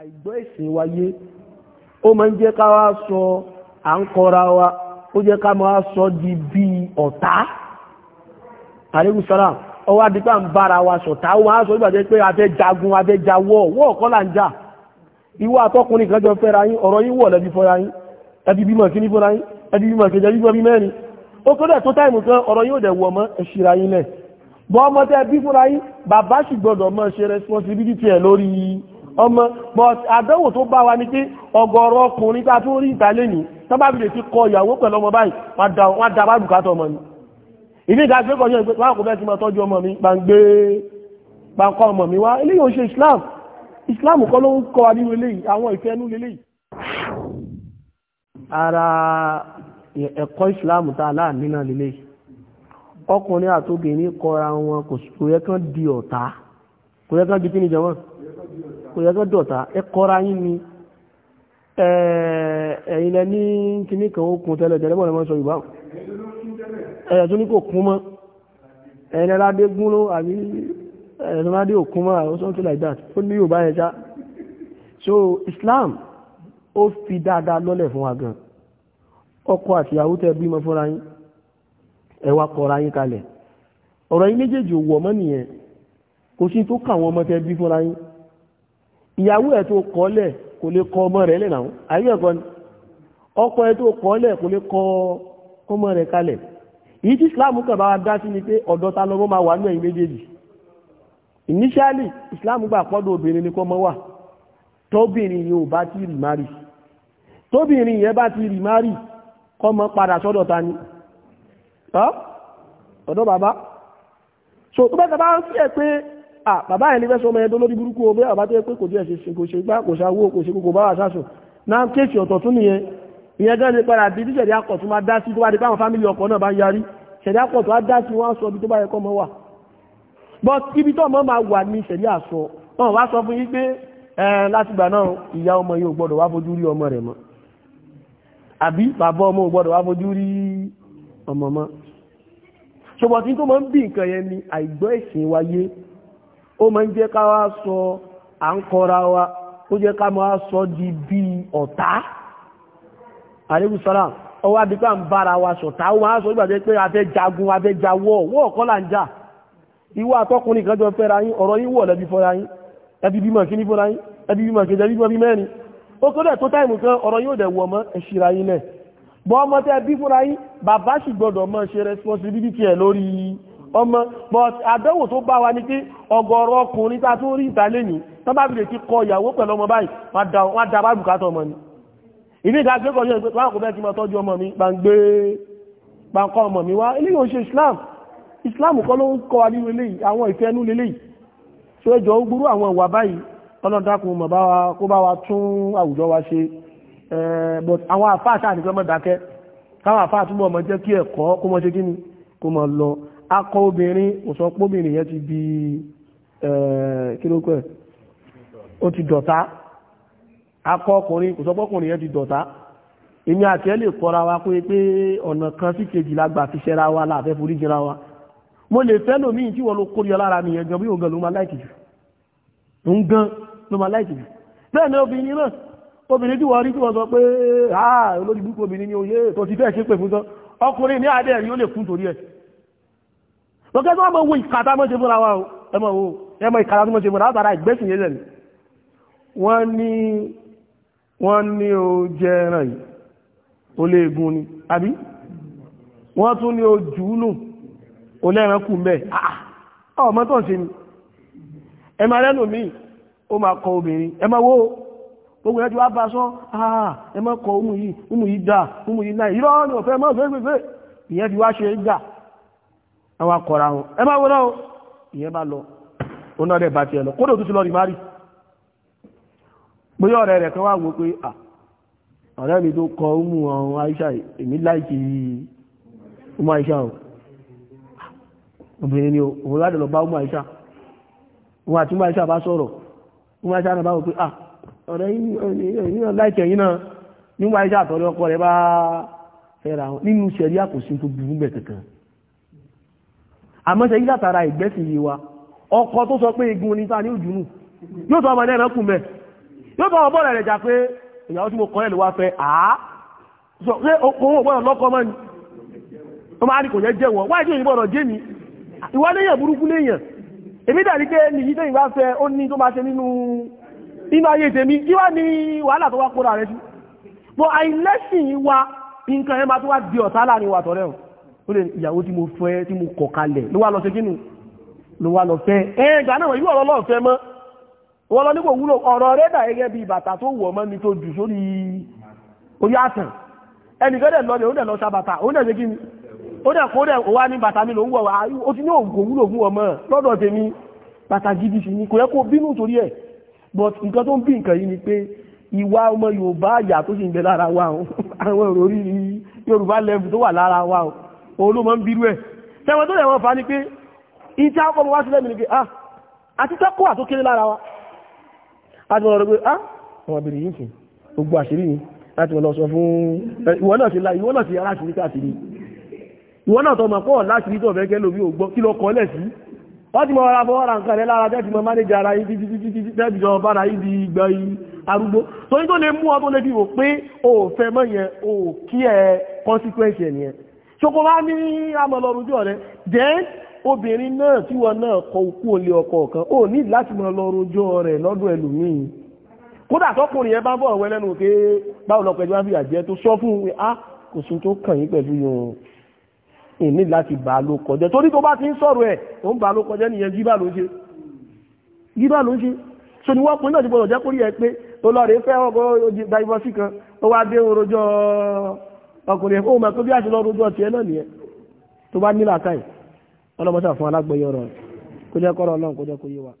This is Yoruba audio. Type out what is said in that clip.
àìgbọ́ ìsìn wáyé ó máa ń jẹ́ ká wá sọ à ń kọra wa ó jẹ́ ká máa sọ di bí ọ̀tá àríwísọ́lá ọwọ́ adìpá ń bára wa sọ̀tá ó máa sọ nígbà jẹ́ pé abẹ́ jagun abẹ́ jawọ́ wọ́ kọ́ là ń jà ìwọ àtọkùnrin kan jọ fẹ́ra yín ọ̀rọ̀ yín wọ̀ lẹ́bi fọ́ra yín ẹbí bímọ kíní fọ́ra yín ẹbí bímọ kejì ẹbí bímọ mẹ́rin ó kọ́ dẹ̀ tó táìmù kan ọ̀rọ̀ yóò dẹ̀ wọ̀ mọ́ ẹ̀ṣìra yín lẹ̀ bọ́ ọmọ tẹ́ bí fúnra yín bàbá sì gbọ́dọ̀ mọ́ ṣe responsibility ẹ̀ lórí ọmọ but àdánwò tó bá wa ní pé ọ̀gọ̀rọ̀ ọkùnrin tá a tún rí ìtàlẹ́ ní sábà fi lè ti kọ ìyàwó pẹ̀lú ọmọ báyìí wọ́n da wá bùkátà ọmọ ni ìdí ìdájọ́ ìkọ̀ yẹn kò Islam Islam kọ́ ló ń kọ́ wa nínú eléyìí àwọn Islam tá a láàánú náà lélẹ́yìí ọkùnrin àtòbìnrin kọra wọn kò yẹ kán di ọ̀tá kò yẹ kán di kí ni jẹ́ wọ́n kò yẹ kó dọ̀tá ẹ kọ́ra yín ni ẹ̀yin lẹ ní kíní kan ó kun tẹ́lẹ̀ tẹ́lẹ̀ bọ́ọ̀lù mọ́ sọ yorùbá ẹ̀yẹ̀ tó ní kò kún mọ́ something like that ó ní yorùbá so Islam ó fi dáadáa lọ́lẹ̀ fún wa gan ọkọ àtìyàwó tẹ bímọ fúnra yín ẹ wá kọra yín kalẹ̀ ọ̀rọ̀ yín méjèèjì ò wọ̀ kò sí tó kà wọ́n ọmọ bí fúnra yín ìyàwó ẹ̀ tó kọ́lẹ̀ kò lè kọ ọmọ rẹ̀ lẹ́nà ayé ẹ̀kọ́ ni ọkọ ẹ̀ tó kọ́lẹ̀ kò lè kọ ọmọ rẹ̀ kalẹ̀ ìyí tí islam kàn bá dá sí ni pé ọ̀dọ̀ ta lọ́mọ máa wà ní ẹ̀yìn méjèèjì initially islam gbà pọ́dọ̀ obìnrin ni kọ́ mọ́ wà tóbìnrin yìí ò bá ti rì márì tóbìnrin yẹn bá ti rì márì kọ́ mọ́ padà sọ́dọ̀ ta ni ọ̀dọ̀ bàbá so tó bẹ́ẹ̀ bá ń fi ẹ̀ pé ah bàbá yẹn lè fẹ́ sọ ọmọ yẹn tó lórí burúkú o bẹ́ẹ̀ pé kò tiẹ̀ kò ṣe gbá kò ṣàwó kò ṣe kò bá wà sáṣọ náà kéèsì ọ̀tọ̀ tún nìyẹn ìyẹn gẹ́gẹ́ ní padà bí tíṣẹ̀dí akọ̀ tún máa dá sí tó bá di báwọn fámìlì ọkọ̀ náà bá ń yarí ṣẹ̀dí akọ̀ tó á dá sí wọn sọ tó bá yẹ kọ́ mọ́ wà but ibi tó ọmọ máa wà ní ṣẹ̀dí àsọ wọn wá sọ fún yín pé láti gbà náà ìyá ọmọ yóò gbọ́dọ̀ wá fojú rí ọmọ rẹ̀ mọ́ àbí bàbá ọmọ ò gbọ́dọ̀ wá fojú rí ọmọ mọ́ ṣùgbọ́n tí tó máa ń bí nǹkan yẹn ni àìgbọ́ ìsìn wáyé ó máa ń jẹ́ ká wá sọ à ń kọra wa ó jẹ́ ká máa sọ di bí ọ̀tá àríwùsọ́lá ọwọ́ àdìgbà ń bára wa sọ̀tá ó máa sọ ìgbàjẹ́ pé a fẹ́ jagun a fẹ́ jawọ́ wọ́ ọ̀kọ́ là ń jà ìwọ àtọkùnrin kan jọ fẹ́ra yín ọ̀rọ̀ yín wọ̀ lẹ́bí fọ́ra yín ẹbí bímọ kí ní fọ́ra yín ẹbí bímọ kí ní fọ́ra mẹ́rin ó kó tó táìmù kan ọ̀rọ̀ yóò dẹ̀ wọ̀ mọ́ ẹ̀ṣìra yín náà bọ́ ọmọ tẹ́ bí fúnra yín bàbá sì gbọ́dọ̀ mọ́ ṣe responsibility ẹ̀ lórí ọmọ but àdánwò tó bá wa ní pé ọ̀gọ̀rọ̀ ọkùnrin tá tó rí ìtàlẹ́ yìí tán bá bìlẹ̀ ti kọ ìyàwó pẹ̀lú ọmọ báyìí wọ́n da bá bùkátà ọmọ ni ìdí ìdá gbé kọjú ẹgbẹ́ wọn kò fẹ́ kí máa tọ́jú ọmọ mi gbàǹgbé gbàǹkọ́ ọmọ Islam Islam kọ́ ló ń kọ́ wa nínú eléyìí àwọn ìfẹ́ nú leléyìí tó ẹjọ́ ó gbúrú àwọn ìwà báyìí ọlọ́dàkùn mọ̀ bá wa kó bá wa tún àwùjọ wa ṣe but àwọn àfáà sáà nìkan mọ̀ dákẹ́ káwọn àfáà túnbọ̀ mọ̀ jẹ́ kí ẹ̀kọ́ kó mọ̀ ṣe kí ni kó mọ̀ lọ akọ obìnrin òsọpọ̀bìnrin yẹn ti di kílókù ẹ̀ ó ti dọ̀tá akọ ọkùnrin òsọpọ̀kùnrin yẹn ti dọ̀tá èmi àti ẹ lè kọra wa pé pé ọ̀nà kan sí kejì la gbà fi ṣẹra wa láàfẹ́ forí jẹra wa mo lè fẹ́ lòmíì tí wọ́n ló kórìíra lára mi yẹn gan bí òun gan ló máa láìkì jù òun gan ló máa láìkì jù bẹ́ẹ̀ ni obìnrin náà obìnrin tí wọ́n rí tí wọ́n sọ pé àà olójúbúkú obìnrin ni oyè tó ti fẹ́ ṣe pè fún sọ ọkùnrin ní adé rí ó lè kún torí ẹ̀ tọ́kẹ́ tó mọ̀ wo ìkàtà mọ́ wo ẹmọ ìkàtà tó mọ́ ṣe fúnra látara ìgbésìn yẹn lẹ́nu wọ́n ní wọ́n ní o jẹ ẹran yìí o lè gun ni àbí wọ́n tún ní o jù ú lò o lẹ́ran kù mbẹ́ ọmọ tó ń ṣe ni ẹ máa lẹ́nu mi o ma kọ obìnrin ẹ máa wo gbogbo ẹjọ́ wá bá sọ ẹ máa kọ umu yìí umu yìí dáa ọmọ yìí náà ni ọ̀fẹ́ máa fẹ́ fẹ́ àwọn akọ̀ra wọn ẹ máa wọ́n ìyẹn bá lọ òun náà rẹ̀ bá ti ẹ̀ lọ kódò tó ti lọ rí márì bóyá ọ̀rẹ́ rẹ̀ kan wá wò pé à ọ̀rẹ́ mi tó kọ ọmú ọ̀run Aisha èmi láìkì ọmọ Aisha ọ̀ obìnrin ni òun láti lọ bá ọmọ Aisha wọn àti ọmọ Aisha bá sọ̀rọ̀ ọmọ Aisha náà bá wò pé à ọ̀rẹ́ yìí náà láìkì ẹ̀yìn náà ní ọmọ Aisha àtọ̀rẹ́ ọkọ rẹ̀ bá fẹ́ra wọn nínú sẹ̀ríà kò sí àmọ́ṣe yí látara ìgbẹ́sì yìí wa ọkọ̀ tó sọ pé igun ní ta ní òjúnù yóò tọ́ ọmọ ní ẹ̀rọ kùnmẹ̀ yóò tọ́ ọmọ rẹ̀ jà pé ìyàwó tí mo kọ́ ẹ̀lú wa fẹ́ àá sọ pé okòwò gbọ́dọ̀ lọ́kọ́ ni ọmọ àrí kò yẹ jẹ́ wọn wáyé tí òyìnbó ọ̀rọ̀ jẹ́ mi ìwà léyàn burúkú léyàn èmi dàrí ó ní tó máa wa nǹkan ẹ̀ máa tó wá di ó lè ìyàwó tí mo fẹ́ tí mo kọ̀ kalẹ̀ ló lọ sí kínú ló lọ fẹ́ ẹ náà ìlú ọ̀rọ̀ lọ́ọ̀fẹ́ mọ́ wọ́n lọ nípò wúlò ọ̀rọ̀ rẹ́dà gẹ́gẹ́ bí bàtà tó wọ̀ mọ́ mi tó jù sórí orí àtàn ẹnìkan dẹ̀ lọ́dẹ̀ ó dẹ̀ lọ sa bàtà ó dẹ̀ sí kínú ó dẹ̀ kó dẹ̀ wá ní bàtà mi ló ń wọ̀ but nǹkan tó ń bí nǹkan yìí ni pé ìwà ọmọ Yorùbá àyà òun ló máa ń bírú ẹ̀ tẹ́wọ́n tó yẹ̀wọ̀n fa ni pé ìtí àkọ́ mọ́ wá sílẹ̀ mi ni pé ah àti tẹ́kọ́ àtó kéré lára wa láti wọ́n lọ pé ah àwọn abèrè yìí sìn gbogbo àṣírí ni láti wọ́n lọ sọ fún ìwọ náà ti la ìwọ náà ti aláṣírí káàkiri ìwọ náà tọmọ pọ̀ láṣírí tó fẹ́ kẹ́ lómi ò gbọ́ kí lọ kọ́ lẹ̀ sí wọ́n ti mọ ara fọwọ́ ra nǹkan rẹ̀ lára tẹ́tì mọ mánéjà ara yìí títí títí títí tẹ́tì jọ bára yìí di ìgbà yìí arúgbó torí tó lè mú ọ tó lè fi wò pé o ò fẹ́ mọ́ yẹn o ò consequence yẹn ṣokò wá ní amọ̀lọ́rùn jù ọ̀rẹ́ then obìnrin náà tí wọn náà kọ òkú òlé ọkọ kan ó ní láti mọ lọ́rùn jù ọ̀rẹ́ lọ́dún ẹlòmíì kódà tọkùnrin yẹn bá ń bọ̀ wẹ́ lẹ́nu pé báwo lọ pẹ̀lú àfihàn jẹ́ tó sọ fún un ah kò sí tó kàn yín pẹ̀lú yòó ìní láti bà á ló kọjẹ́ torí tó bá ti ń sọ̀rọ̀ ẹ̀ ó ń bà á ló kọjẹ́ nìyẹn jíbà ló ṣe jíbà ló ṣe so ni wọ́n pin náà ti gbọ́dọ̀ jẹ́ kórìí ẹ pé olóòrè fẹ́ ọgọ́ divorce kan ó wá dé orojọ́ ọkùnrin ẹ̀fọ́ òmà tó bí àṣẹ lọ́rùn ọjọ́ tiẹ̀ náà nìyẹn tó bá nílà káì ọlọ́mọṣà fún alágbẹ̀yẹ ọ̀rọ̀ kó jẹ́ kọ́rọ̀ ọlọ́run kó jẹ́ kó yé wa.